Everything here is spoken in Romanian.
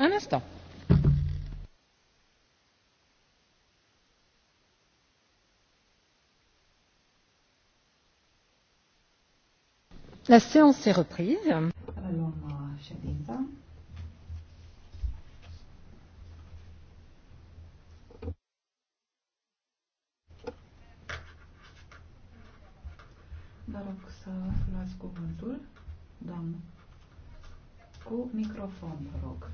Un instant. La séance est reprise. Alors, ma chère ședința. Vă rog să luați cuvântul, doamnă. Cu microfon, vă rog.